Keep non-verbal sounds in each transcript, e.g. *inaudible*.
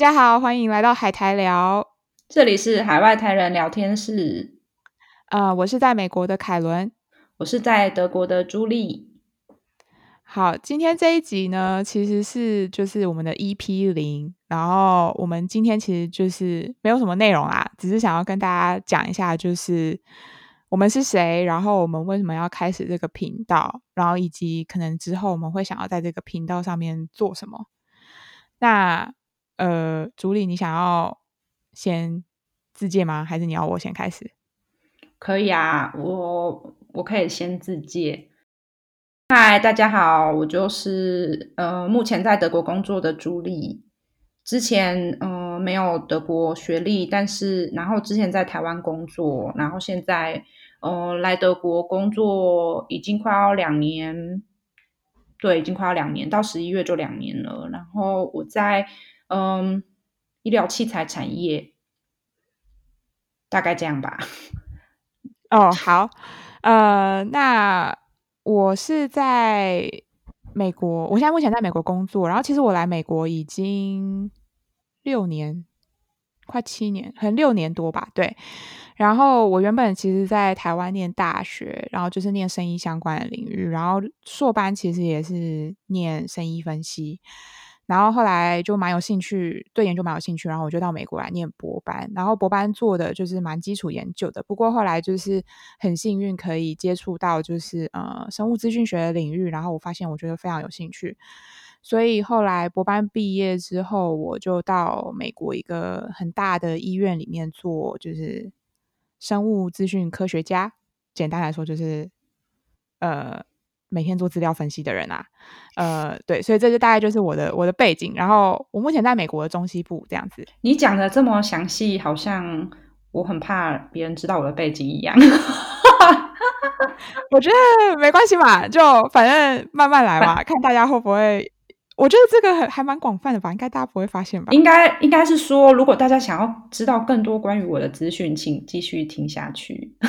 大家好，歡迎來到海台聊，這裡是海外台人聊天室。呃，我是在美國的凱倫，我是在德國的朱莉。好，今天這一集呢，其實是就是我們的 EP 零，然後我們今天其實就是沒有什麼內容啦，只是想要跟大家講一下，就是我們是誰，然後我們為什麼要開始這個頻道，然後以及可能之後我們會想要在這個頻道上面做什麼。那呃，朱莉，你想要先自介嗎？還是你要我先開始？可以啊，我我可以先自介。嗨，大家好，我就是呃，目前在德國工作的朱莉。之前呃沒有德國學歷，但是然後之前在台灣工作，然後現在呃來德國工作已經快要兩年，對，已經快要兩年，到十一月就兩年了。然後我在。嗯，醫療器材產業大概這樣吧。哦，好，呃，那我是在美國，我現在目前在美國工作。然後，其實我來美國已經六年，快七年，可能六年多吧。對。然後我原本其實在台灣念大學，然後就是念生意相關的領域，然後碩班其實也是念生意分析。然後後來就蠻有興趣，對研究蠻有興趣，然後我就到美國來念博班。然後博班做的就是蠻基礎研究的，不過後來就是很幸運可以接觸到就是呃生物資訊學的領域，然後我發現我覺得非常有興趣，所以後來博班畢業之後，我就到美國一個很大的醫院裡面做就是生物資訊科學家。簡單來說就是呃。每天做資料分析的人啊，呃，對，所以這就大概就是我的我的背景。然後我目前在美國的中西部這樣子。你講的這麼詳細，好像我很怕別人知道我的背景一樣。 *laughs* *laughs* 我覺得沒關係嘛，就反正慢慢來嘛，反看大家會不會。我覺得這個還還蠻廣泛的吧，應該大家不會發現吧？應該應該是說，如果大家想要知道更多關於我的資訊，請繼續聽下去。哈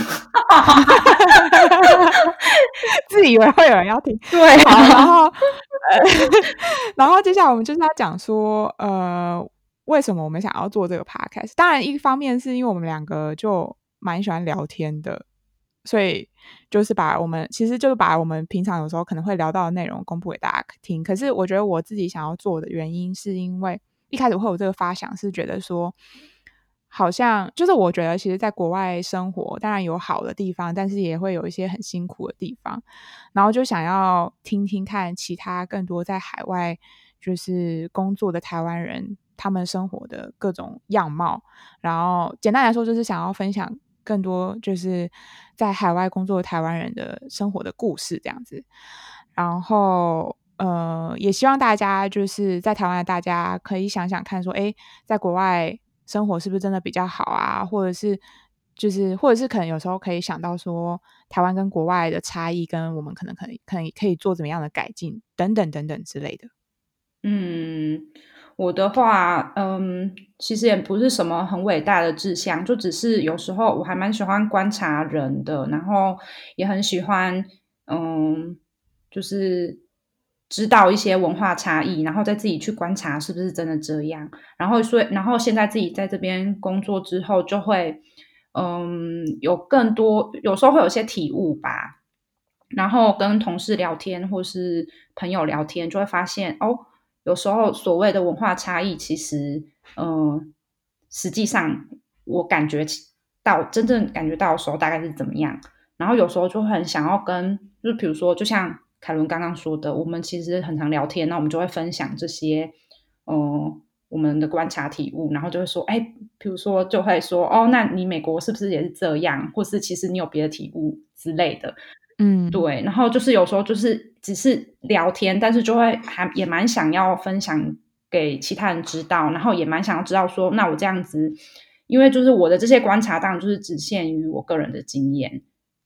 哈哈哈哈哈！自以為會有人要聽，對啊，好。然後， *laughs* *laughs* 然後接下來我們就是要講說，呃，為什麼我們想要做這個 podcast。當然，一方面是因為我們兩個就蠻喜歡聊天的。所以，就是把我們，其實就是把我們平常有時候可能會聊到的內容公布給大家聽。可是，我覺得我自己想要做的原因，是因為一開始我會有這個發想，是覺得說，好像就是我覺得，其實在國外生活，當然有好的地方，但是也會有一些很辛苦的地方。然後就想要聽聽看其他更多在海外就是工作的台灣人他們生活的各種樣貌。然後簡單來說，就是想要分享。更多就是在海外工作台灣人的生活的故事這樣子，然後呃，也希望大家就是在台灣的大家可以想想看說，說、欸、哎，在國外生活是不是真的比較好啊？或者是就是或者是可能有時候可以想到說，台灣跟國外的差異，跟我們可能可以可能可可以做怎麼樣的改進等等等等之類的。嗯。我的話，嗯，其實也不是什麼很偉大的志向，就只是有時候我還蠻喜歡觀察人的，然後也很喜歡，嗯，就是知道一些文化差異，然後再自己去觀察是不是真的這樣。然後所以，然後現在自己在這邊工作之後，就會，嗯，有更多，有時候會有些體悟吧。然後跟同事聊天或是朋友聊天，就會發現哦。有時候所謂的文化差異，其實，嗯、呃，實際上我感覺到真正感覺到的時候大概是怎麼樣？然後有時候就會很想要跟，就比如說，就像凱倫剛剛說的，我們其實很常聊天，那我們就會分享這些，嗯、呃，我們的觀察體悟，然後就會說，誒，比如說就會說，哦，那你美國是不是也是這樣？或是其實你有別的體悟之類的。嗯，對，然後就是有時候就是只是聊天，但是就會還也蠻想要分享給其他人知道，然後也蠻想要知道說，那我這樣子，因為就是我的這些觀察當然就是只限於我個人的經驗，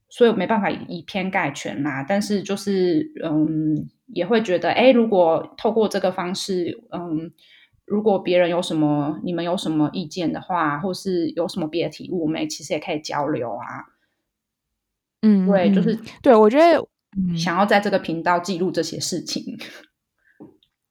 所以我沒辦法以偏概全啦、啊。但是就是嗯，也會覺得，哎，如果透過這個方式，嗯，如果別人有什麼、你們有什麼意見的話，或是有什麼別的體悟，我們其實也可以交流啊。嗯，對，就是對我覺得，想要在這個頻道記錄這些事情。嗯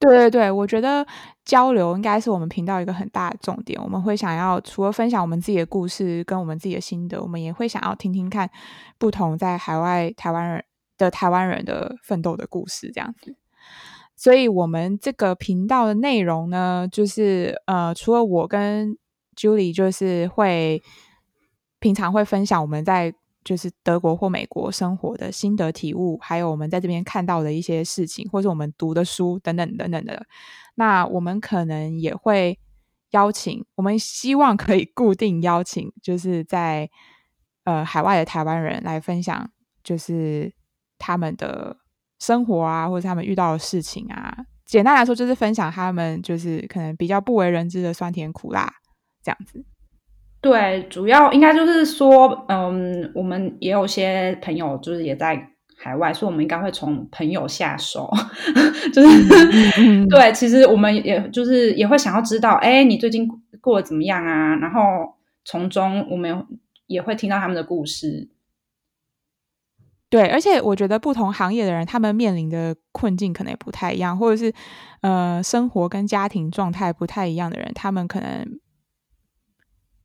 對嗯。對對對，我覺得交流應該是我們頻道一個很大的重點。我們會想要除了分享我們自己的故事跟我們自己的心得，我們也會想要聽聽看不同在海外台灣人的台灣人的奮鬥的故事這樣子。所以我們這個頻道的內容呢，就是呃，除了我跟 Julie，就是會平常會分享我們在。就是德國或美國生活的心得體悟，還有我們在這邊看到的一些事情，或是我們讀的書等等等等的。那我們可能也會邀請，我們希望可以固定邀請，就是在呃海外的台灣人來分享，就是他們的生活啊，或者他們遇到的事情啊。簡單來說，就是分享他們就是可能比較不為人知的酸甜苦辣，這樣子。對，主要應該就是說，嗯，我們也有些朋友就是也在海外，所以我們應該會從朋友下手， *laughs* 就是、嗯嗯嗯、對，其實我們也就是也會想要知道，哎，你最近過得怎麼樣啊？然後從中我們也會聽到他們的故事。對，而且我覺得不同行業的人，他們面臨的困境可能也不太一樣，或者是呃，生活跟家庭狀態不太一樣的人，他們可能。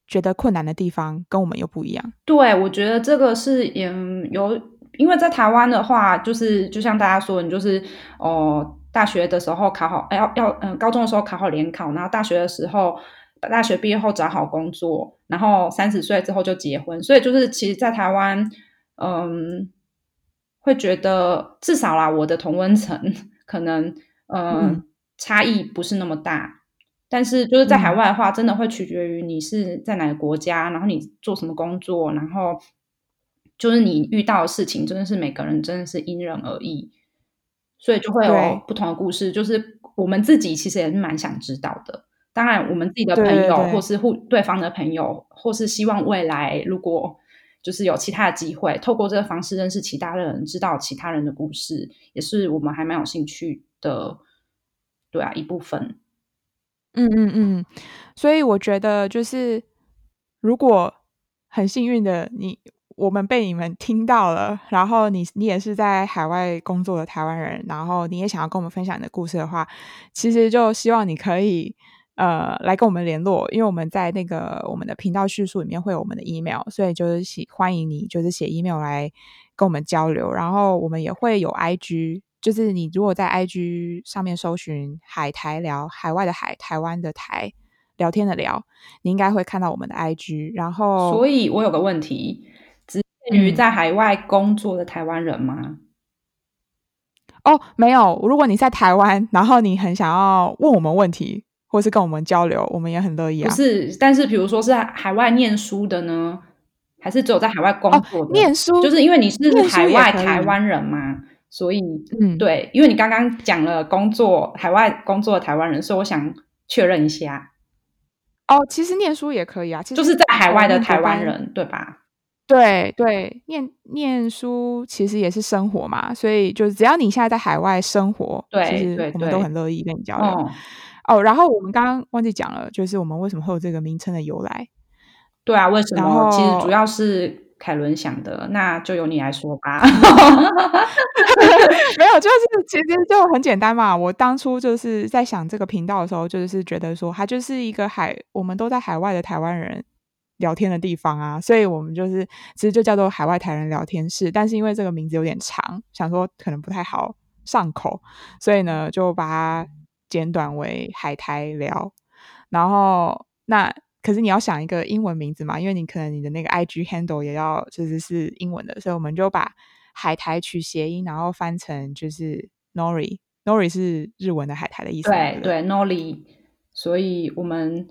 覺得困難的地方跟我們又不一樣。對，我覺得這個是嗯，有，因為在台灣的話，就是就像大家說，你就是哦、呃，大學的時候考好，要要嗯、呃，高中的時候考好聯考，然後大學的時候大學畢業後找好工作，然後三十歲之後就結婚。所以，就是其實在台灣，嗯、呃，會覺得至少啦，我的同溫層可能、呃、嗯，差異不是那麼大。但是就是在海外的話，真的會取決於你是在哪個國家，嗯、然後你做什麼工作，然後就是你遇到的事情，真的是每個人真的是因人而異，所以就會有不同的故事。對就是我們自己其實也是蠻想知道的，當然我們自己的朋友，或是互對方的朋友，或是希望未來如果就是有其他的機會，透過這個方式認識其他的人，知道其他人的故事，也是我們還蠻有興趣的。對啊，一部分。嗯嗯嗯，所以我覺得就是，如果很幸運的你，我們被你們聽到了，然後你你也是在海外工作的台灣人，然後你也想要跟我們分享你的故事的話，其實就希望你可以呃來跟我們聯絡，因為我們在那個我們的頻道敘述裡面會有我們的 email，所以就是喜歡迎你就是寫 email 來跟我們交流，然後我們也會有 IG。就是你如果在 IG 上面搜尋“海台聊”，海外的海，台灣的台，聊天的聊，你應該會看到我們的 IG。然後，所以我有個問題：只限於在海外工作的台灣人嗎？嗯？哦，沒有。如果你在台灣，然後你很想要問我們問題，或是跟我們交流，我們也很樂意，啊。不是，但是比如說是海外念書的呢，還是只有在海外工作的、哦、念書？就是因為你是海外台灣人嗎？所以，嗯，對，因為你剛剛講了工作，海外工作的台灣人，所以我想確認一下。哦，其實念書也可以啊，其實就是在海外的台灣，台灣，台灣人，對吧？對對，念念書其實也是生活嘛，所以就是只要你現在在海外生活，對，對，我們都很樂意跟你交流。哦，然後我們剛剛忘記講了，就是我們為什麼會有這個名稱的由來？對啊，為什麼？然後其實主要是。凱倫想的，那就由你來說吧。 *laughs* 沒有，就是其實就很簡單嘛。我當初就是在想這個頻道的時候，就是覺得說它就是一個海，我們都在海外的台灣人聊天的地方啊。所以，我們就是其實就叫做海外台人聊天室。但是，因為這個名字有點長，想說可能不太好上口，所以呢，就把它簡短為海台聊。然後，那。可是你要想一個英文名字嘛，因為你可能你的那個 IG handle 也要就是是英文的，所以我們就把海苔取諧音，然後翻成就是 Nori，Nori 是日文的海苔的意思。對對，Nori，所以我們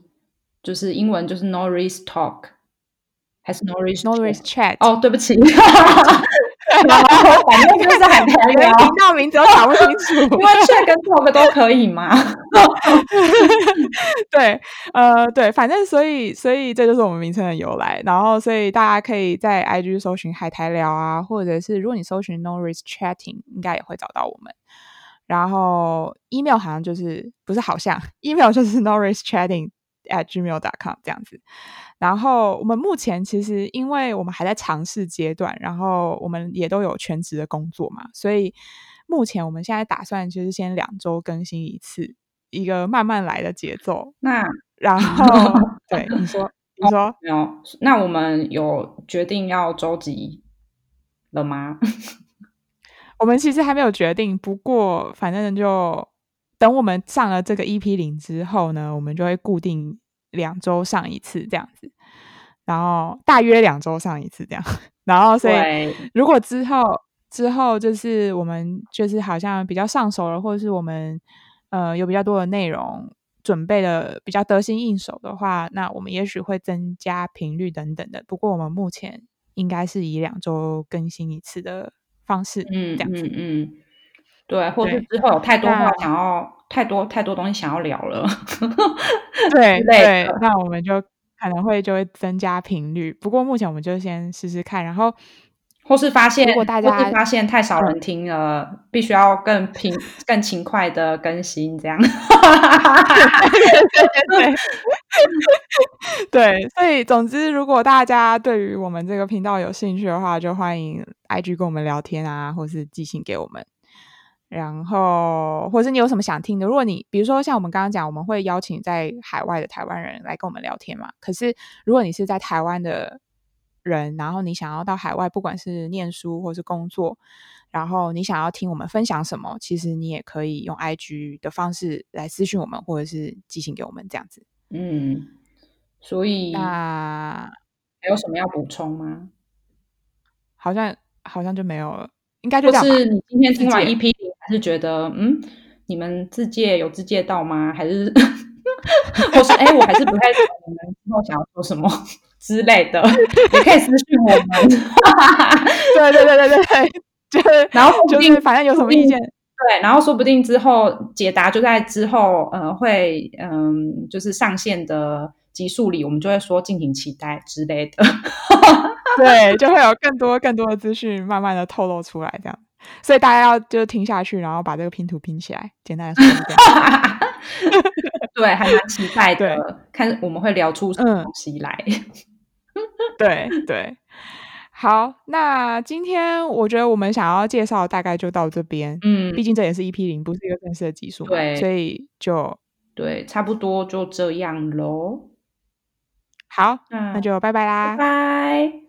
就是英文就是 Nori's talk，還是 Nori's Nori's chat？哦，oh, 對不起。 *laughs* 然後，反正就是海台聊，那 *laughs* 名，名字都把不清楚， *laughs* 因為 chat 跟 talk 都可以嘛。 *laughs* *laughs* *laughs* 對，呃，對，反正所以，所以這就是我們名稱的由來。然後，所以大家可以在 IG 搜尋海台聊啊，或者是如果你搜尋 norischatting，應該也會找到我們。然後，email 好像就是不是好像，email 就是 norischatting。at gmail.com 這樣子，然後我們目前其實因為我們還在嘗試階段，然後我們也都有全職的工作嘛，所以目前我們現在打算就是先兩週更新一次，一個慢慢來的節奏。那然後， *laughs* 對你說， *laughs* 你說、哦、你說沒有？那我們有決定要周幾了嗎？ *laughs* 我們其實還沒有決定，不過反正就。等我們上了這個 EP0 之後呢，我們就會固定兩週上一次這樣子，然後大約兩週上一次這樣。然後，所以如果之後對之後就是我們就是好像比較上手了，或者是我們呃有比較多的內容準備的比較得心應手的話，那我們也許會增加頻率等等的。不過，我們目前應該是以兩週更新一次的方式，嗯，這樣子，嗯。嗯嗯對，或是之後有太多話想要，太多太多東西想要聊了，對，對，那我們就可能會就會增加頻率。不過目前我們就先試試看，然後或是發現如果大家發現太少人聽了，對必須要更頻更勤快的更新這樣。對對對， *laughs* 對，所以總之，如果大家對於我們這個頻道有興趣的話，就歡迎 IG 跟我們聊天啊，或是寄信給我們。然後，或者是你有什麼想聽的？如果你比如說像我們剛剛講，我們會邀請在海外的台灣人來跟我們聊天嘛。可是如果你是在台灣的人，然後你想要到海外，不管是念書或是工作，然後你想要聽我們分享什麼，其實你也可以用 IG 的方式來私訊我們，或者是寄信給我們這樣子。嗯，所以那還有什麼要補充嗎？好像好像就沒有了，應該就是你今天聽完 EP。還是覺得嗯，你們自介有自介到嗎？還是我 *laughs* *laughs* 是哎、欸，我還是不太懂你們之 *laughs* 後想要說什麼之類的，你可以私信我們。對 *laughs* 對對對對對，就然後說不定就是反正有什麼意見，對，然後說不定之後解答就在之後，嗯、呃，會嗯、呃，就是上線的集數裡，我們就會說敬請期待之類的。 *laughs* 對，就會有更多更多的資訊慢慢的透露出來，這樣。所以大家要就聽下去，然後把這個拼圖拼起來。簡單的說， *laughs* *laughs* 對，還蠻期待的，對看我們會聊出什麼東西來。嗯、對對，好，那今天我覺得我們想要介紹大概就到這邊。嗯，畢竟這也是 EP 零，不是一個正式的集數。對，所以就對，差不多就這樣咯。好，嗯、那就拜拜啦，拜拜。